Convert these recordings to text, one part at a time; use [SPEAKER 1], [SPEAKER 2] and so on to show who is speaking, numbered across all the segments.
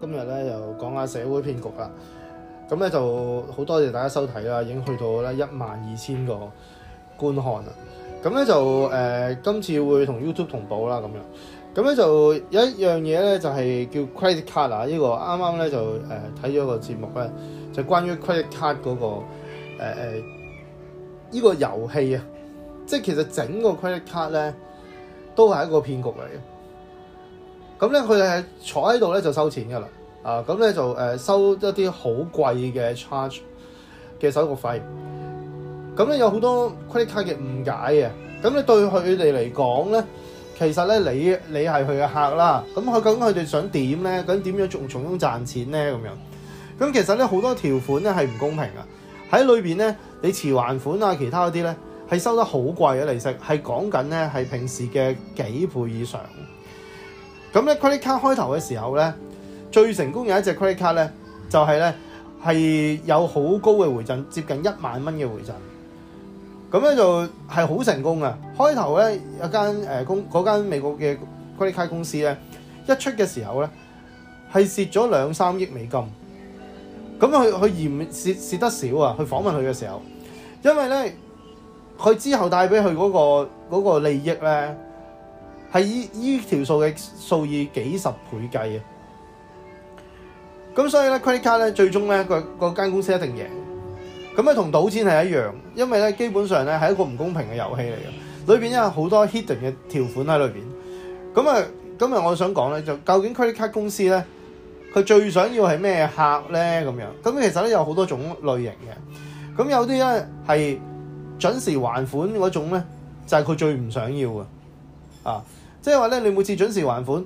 [SPEAKER 1] 今日咧又講下社會騙局啦，咁咧就好多謝大家收睇啦，已經去到咧一萬二千個觀看啦，咁咧就誒今次會同 YouTube 同步啦，咁樣，咁咧就有一樣嘢咧就係叫 credit card 啊，呢個啱啱咧就誒睇咗個節目咧，就關於 credit card 嗰個誒誒呢個遊戲啊，即係其實整個 credit card 咧都係一個騙局嚟嘅。咁咧，佢哋係坐喺度咧就收錢噶啦，啊咁咧就誒收一啲好貴嘅 charge 嘅手續費。咁咧有好多 credit card 嘅誤解嘅，咁你對佢哋嚟講咧，其實咧你你係佢嘅客啦，咁佢究竟佢哋想點咧？咁點樣從從中賺錢咧？咁樣，咁其實咧好多條款咧係唔公平啊！喺裏面咧，你遲還款啊，其他嗰啲咧係收得好貴嘅利息，係講緊咧係平時嘅幾倍以上。咁咧，credit card 開頭嘅時候咧，最成功一隻有一隻 credit card 咧，就係咧係有好高嘅回贈，接近一萬蚊嘅回贈。咁咧就係好成功啊！開頭咧有間公嗰間美國嘅 credit card 公司呢，一出嘅時候呢，係蝕咗兩三億美金。咁佢佢嫌蝕得少啊！去訪問佢嘅時候，因為呢，佢之後帶俾佢嗰個利益呢。係依依條數嘅數以幾十倍計嘅，咁所以咧，credit card 咧最終咧，嗰個、嗰間公司一定贏。咁咧同賭錢係一樣，因為咧基本上咧係一個唔公平嘅遊戲嚟嘅，裏邊有好多 hidden 嘅條款喺裏邊。咁啊，今日我想講咧，就究竟 credit card 公司咧，佢最想要係咩客咧？咁樣咁其實咧有好多種類型嘅，咁有啲咧係準時還款嗰種咧，就係、係、佢最唔想要嘅，啊！即係話咧，你每次準時還款，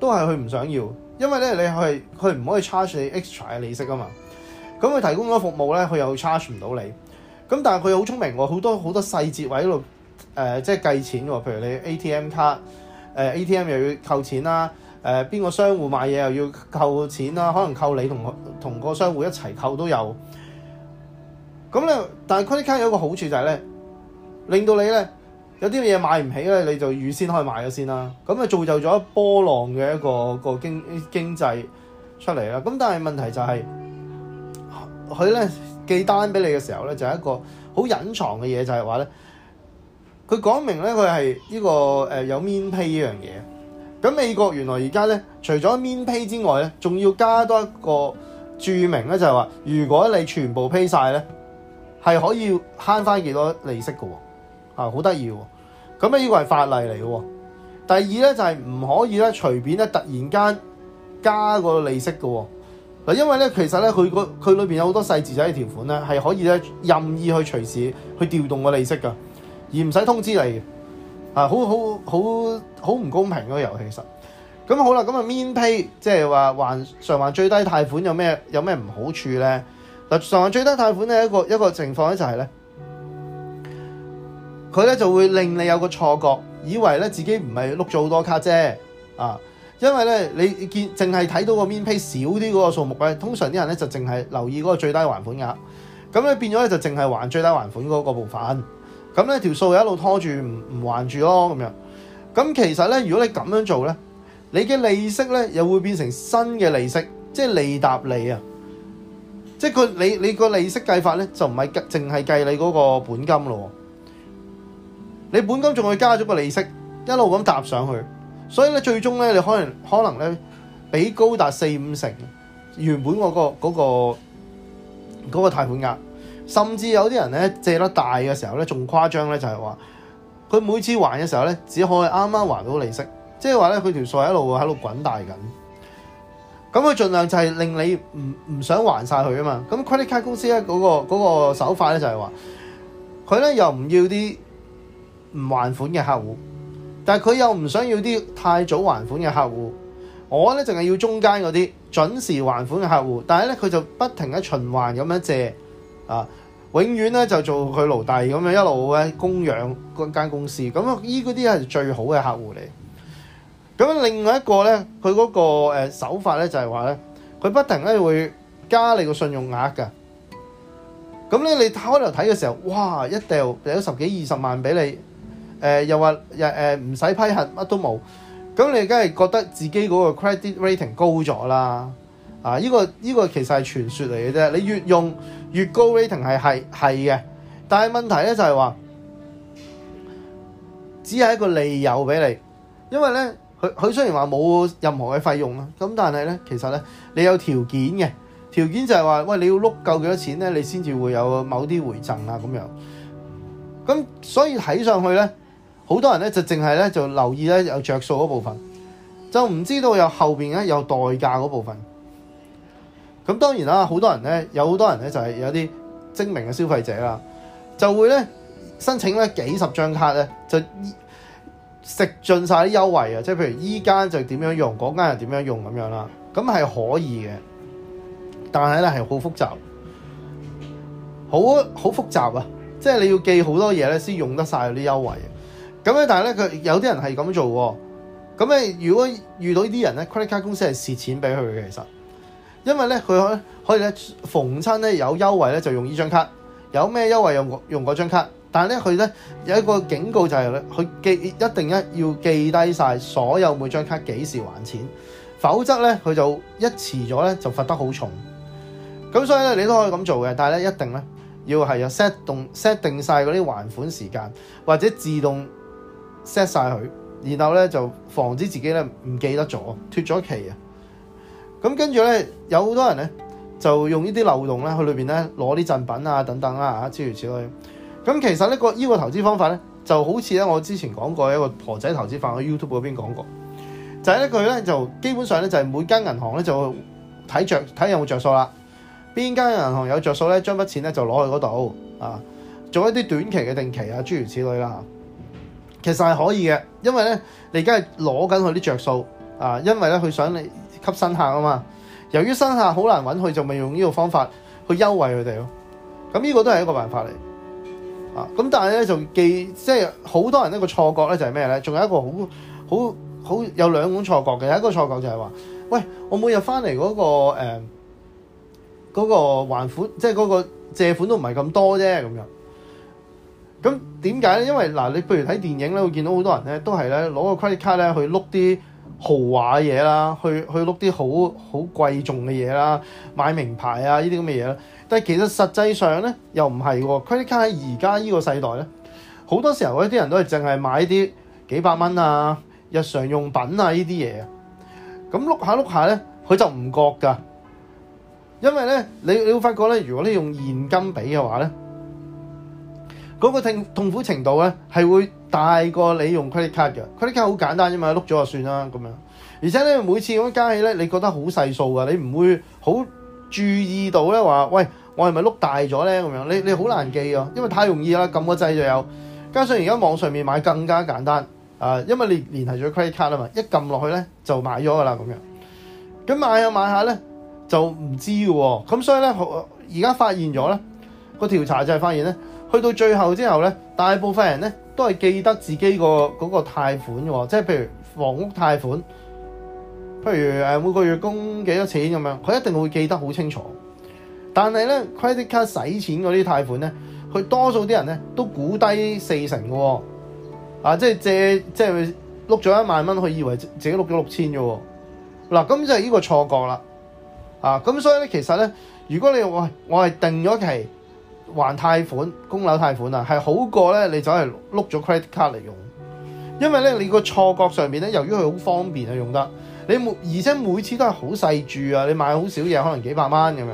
[SPEAKER 1] 都係佢唔想要，因為咧你係佢唔可以 charge 你 extra 嘅利息噶嘛。咁佢提供咗服務咧，佢又 charge 唔到你。咁但係佢好聰明喎，好多好多細節位喺度誒，即係計錢喎。譬如你 ATM 卡，呃，ATM 又要扣錢啦，誒，呃，邊個商戶買嘢又要扣錢啦，可能扣你同同個商戶一齊扣都有。咁咧，但係 credit card 有一個好處就係，是，咧，令到你咧。有啲嘢買唔起咧，你就預先開以買咗先啦，咁啊造就咗波浪嘅一個一個經經濟出嚟啦。咁但係問題就係佢咧寄單俾你嘅時候咧，就係、是、一個好隱藏嘅嘢，就係話咧，佢講明咧佢係呢、這個、呃、有免 pay 呢樣嘢。咁美國原來而家咧，除咗免 pay 之外咧，仲要加多一個註明咧，就係話如果你全部 pay 曬咧，係可以慳翻幾多利息嘅喎。啊，好得意喎！咁呢個係法例嚟嘅喎。第二咧就係唔可以咧隨便咧突然間加個利息嘅喎。嗱，因為咧其實咧佢個佢裏面有好多細字仔嘅條款咧，係可以咧任意去隨時去調動個利息㗎，而唔使通知你。啊，好好好好唔公平嗰個遊戲其實。咁好啦，咁啊免 pay 即係話還償還最低貸款有咩有咩唔好處咧？嗱，償還最低貸款咧一個一個情況咧就係咧。佢咧就會令你有個錯覺，以為咧自己唔係碌咗好多卡啫啊！因為咧你見淨係睇到個 min pay 少啲嗰個數目咧，通常啲人咧就淨係留意嗰個最低還款額，咁咧變咗咧就淨係還最低還款嗰個部分，咁咧條數一路拖住唔唔還住咯咁樣。咁其實咧，如果你咁樣做咧，你嘅利息咧又會變成新嘅利息，即係利搭利啊！即係個你你個利息計法咧就唔係淨係計你嗰個本金咯。你本金仲要加咗個利息，一路咁搭上去，所以咧最終咧你可能可能咧俾高達四五成原本嗰個嗰個嗰個貸款額，甚至有啲人咧借得大嘅時候咧仲誇張咧就係話，佢每次還嘅時候咧只可以啱啱還到利息，即係話咧佢條數一路喺度滾大緊，咁佢盡量就係令你唔唔想還晒佢啊嘛，咁 credit card 公司咧嗰個嗰個手法咧就係話，佢咧又唔要啲，唔還款嘅客戶，但係佢又唔想要啲太早還款嘅客戶。我咧淨係要中間嗰啲準時還款嘅客戶。但係咧佢就不停喺循環咁樣借啊，永遠咧就做佢奴隸咁樣一路咧供養嗰間公司。咁啊依啲係最好嘅客戶嚟。咁另外一個咧，佢嗰、嗰個、呃、手法咧就係話咧，佢不停咧會加你個信用額噶。咁咧你一開頭睇嘅時候，哇一掉有十幾二十萬俾你。誒、呃、又話唔使批核乜都冇，咁你梗係覺得自己嗰個 credit rating 高咗啦。啊依個依個其實係傳說嚟嘅啫，你越用越高 rating 係係嘅，但係問題咧就係話，只係一個理由俾你，因為咧佢佢雖然話冇任何嘅費用啦，咁但係咧其實咧你有條件嘅，條件就係話喂，你要碌夠幾多錢咧，你先至會有某啲回贈啊咁樣，咁所以睇上去咧。好多人咧就淨係咧就留意咧有着數嗰部分，就唔知道有後邊咧有代價嗰部分。咁當然啦，好多人咧有好多人咧就係、是、有啲精明嘅消費者啦，就會咧申請咧幾十張卡咧就食盡晒啲優惠啊！即係譬如依間就點樣用，嗰間又點樣用咁樣啦。咁係可以嘅，但係咧係好複雜，好好複雜啊！即係你要記好多嘢咧先用得晒嗰啲優惠嘅。咁咧，但係咧佢有啲人係咁做喎。咁咧，如果遇到呢啲人咧，credit 卡公司係蝕錢俾佢嘅，其實，因為咧佢可可以咧逢親咧有優惠咧就用呢張卡，有咩優惠用用嗰張卡。但係咧佢咧有一個警告就係咧，佢記一定咧要記低曬所有每張卡幾時還錢，否則咧佢就一遲咗咧就罰得好重。咁所以咧你都可以咁做嘅，但係咧一定咧要係有 set 動 set 定曬嗰啲還款時間或者自動。set 晒佢，然後咧就防止自己咧唔記得咗，脫咗期啊！咁跟住咧，有好多人咧就用呢啲漏洞咧去裏邊咧攞啲贈品啊等等啊啊，諸如此類。咁其實呢個呢個投資方法咧就好似咧我之前講過一個婆仔投資法，我 YouTube 嗰邊講過，就係呢佢咧就基本上咧就係每間銀行咧就睇着睇有冇着數啦，邊間銀行有着數咧，將筆錢咧就攞去嗰度啊，做一啲短期嘅定期啊諸如此類啦。其實係可以嘅，因為咧你而家係攞緊佢啲着數啊，因為咧佢想你吸新客啊嘛。由於新客好難揾，佢就咪用呢個方法去優惠佢哋咯。咁呢個都係一個辦法嚟啊。咁但係咧就記即係好多人一個錯覺咧就係咩咧？仲有一個好好好有兩種錯覺嘅，有一個錯覺就係話：喂，我每日翻嚟嗰個誒嗰個還款，即係嗰個借款都唔係咁多啫，咁樣。咁點解咧？因為嗱，你譬如睇電影咧，會見到好多人咧，都係咧攞個 credit card 咧去碌啲豪華嘢啦，去去碌啲好好貴重嘅嘢啦，買名牌啊呢啲咁嘅嘢。但係其實實際上咧又唔係喎，credit card 喺而家呢個世代咧，好多時候咧啲人都係淨係買啲幾百蚊啊、日常用品啊呢啲嘢。咁，啊，碌下碌下咧，佢就唔覺㗎。因為咧，你你會發覺咧，如果你用現金俾嘅話咧，嗰個痛痛苦程度咧，係會大過你用 credit card 嘅。credit card 好簡單啫嘛，碌咗就算啦咁樣。而且咧，每次咁樣加起咧，你覺得好細數噶，你唔會好注意到咧話，喂，我係咪碌大咗咧？咁樣你你好難記㗎，因為太容易啦，撳個掣就有。加上而家網上面買更加簡單，啊，因為你連係咗 credit card 啊嘛，一撳落去咧就買咗㗎啦咁樣。咁買,買下買下咧就唔知㗎喎、啊。咁所以咧，而家發現咗咧，個調查就係發現咧。去到最後之後咧，大部分人咧都係記得自己個嗰個貸款喎，即係譬如房屋貸款，譬如誒每個月供幾多錢咁樣，佢一定會記得好清楚。但係咧，credit card 使錢嗰啲貸款咧，佢多數啲人咧都估低四成嘅喎，啊，即係借即係碌咗一萬蚊，佢以為自己碌咗六千嘅喎。嗱，咁就係呢個錯覺啦，啊，咁所以咧其實咧，如果你我我係定咗期。還貸款、供樓貸款啊，係好過咧。你走嚟碌咗 credit card 嚟用，因為咧你個錯覺上邊咧，由於佢好方便啊，用得你而且每次都係好細注啊。你買好少嘢，可能幾百蚊咁樣。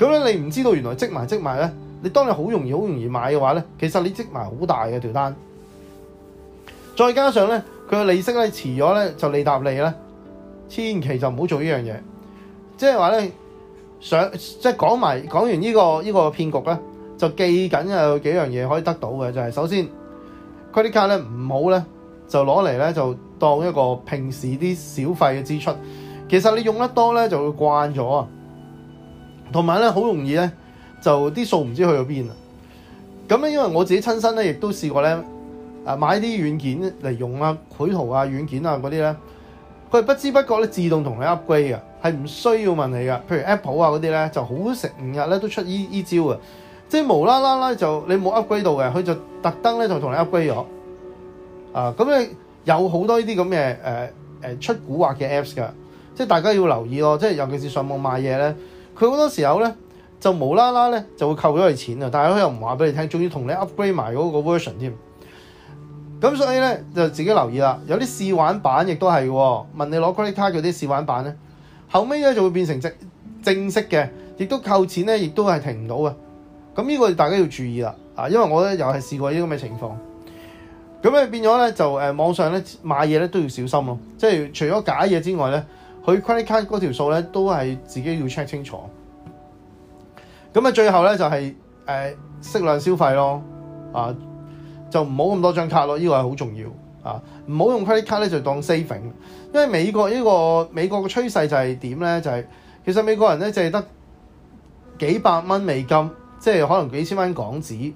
[SPEAKER 1] 咁咧你唔知道原來積埋積埋咧，你當你好容易好容易買嘅話咧，其實你積埋好大嘅條單。再加上咧，佢嘅利息咧遲咗咧就利搭利咧，千祈就唔好做呢樣嘢。即係話咧。上即係講埋講完、這個這個、呢個呢個騙局咧，就記緊有幾樣嘢可以得到嘅，就係、是、首先 credit card 咧唔好咧，就攞嚟咧就當一個平時啲小費嘅支出。其實你用得多咧就會慣咗啊，同埋咧好容易咧就啲數唔知去咗邊啊。咁咧因為我自己親身咧亦都試過咧，啊買啲軟件嚟用啊繪圖，啊軟件啊嗰啲咧，佢係不知不覺咧自動同你 upgrade 嘅，係唔需要問你嘅，譬如 Apple 啊嗰啲咧，就好成五日咧都出依依招嘅，即係無啦啦啦就你冇 upgrade 到嘅，佢就特登咧就同你 upgrade 咗啊。咁你有好多呢啲咁嘅誒誒出古惑嘅 Apps 噶，即係大家要留意咯。即係尤其是上網買嘢咧，佢好多時候咧就無啦啦咧就會扣咗你錢啊，但係佢又唔話俾你聽，仲要同你 upgrade 埋嗰個 version 添。咁所以咧就自己留意啦。有啲試玩版亦都係喎，問你攞 credit card 嗰啲試玩版咧。後尾咧就會變成正正式嘅，亦都扣錢咧，亦都係停唔到嘅。咁呢個大家要注意啦，啊，因為我咧又係試過呢啲咁嘅情況。咁咧變咗咧就誒、啊、網上咧買嘢咧都要小心咯，即係除咗假嘢之外咧，佢 credit card 嗰條數咧都係自己要 check 清楚。咁、就係、啊，最後咧就係誒適量消費咯，啊就唔好咁多張卡咯，呢、呢個係好重要。啊，唔好用 credit card 咧，就當 saving。因為美國呢個美國嘅趨勢就係點咧，就係其實美國人咧就係得幾百蚊美金，即係可能幾千蚊港紙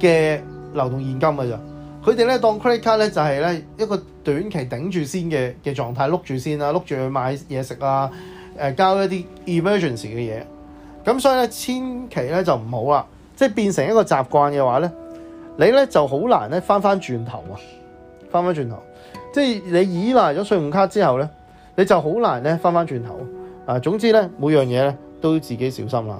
[SPEAKER 1] 嘅流動現金嘅咋，佢哋咧當 credit card 咧就係咧一個短期頂住先嘅嘅狀態，碌住先啦，碌住去買嘢食啊，誒交一啲 emergency 嘅嘢。咁所以咧，千祈咧就唔好啦，即係變成一個習慣嘅話咧，你咧就好難咧翻翻轉頭啊。返返轉頭，即係你倚賴咗信用卡之後咧，你就好難咧返返轉頭。啊，總之咧，每樣嘢咧都要自己小心啦。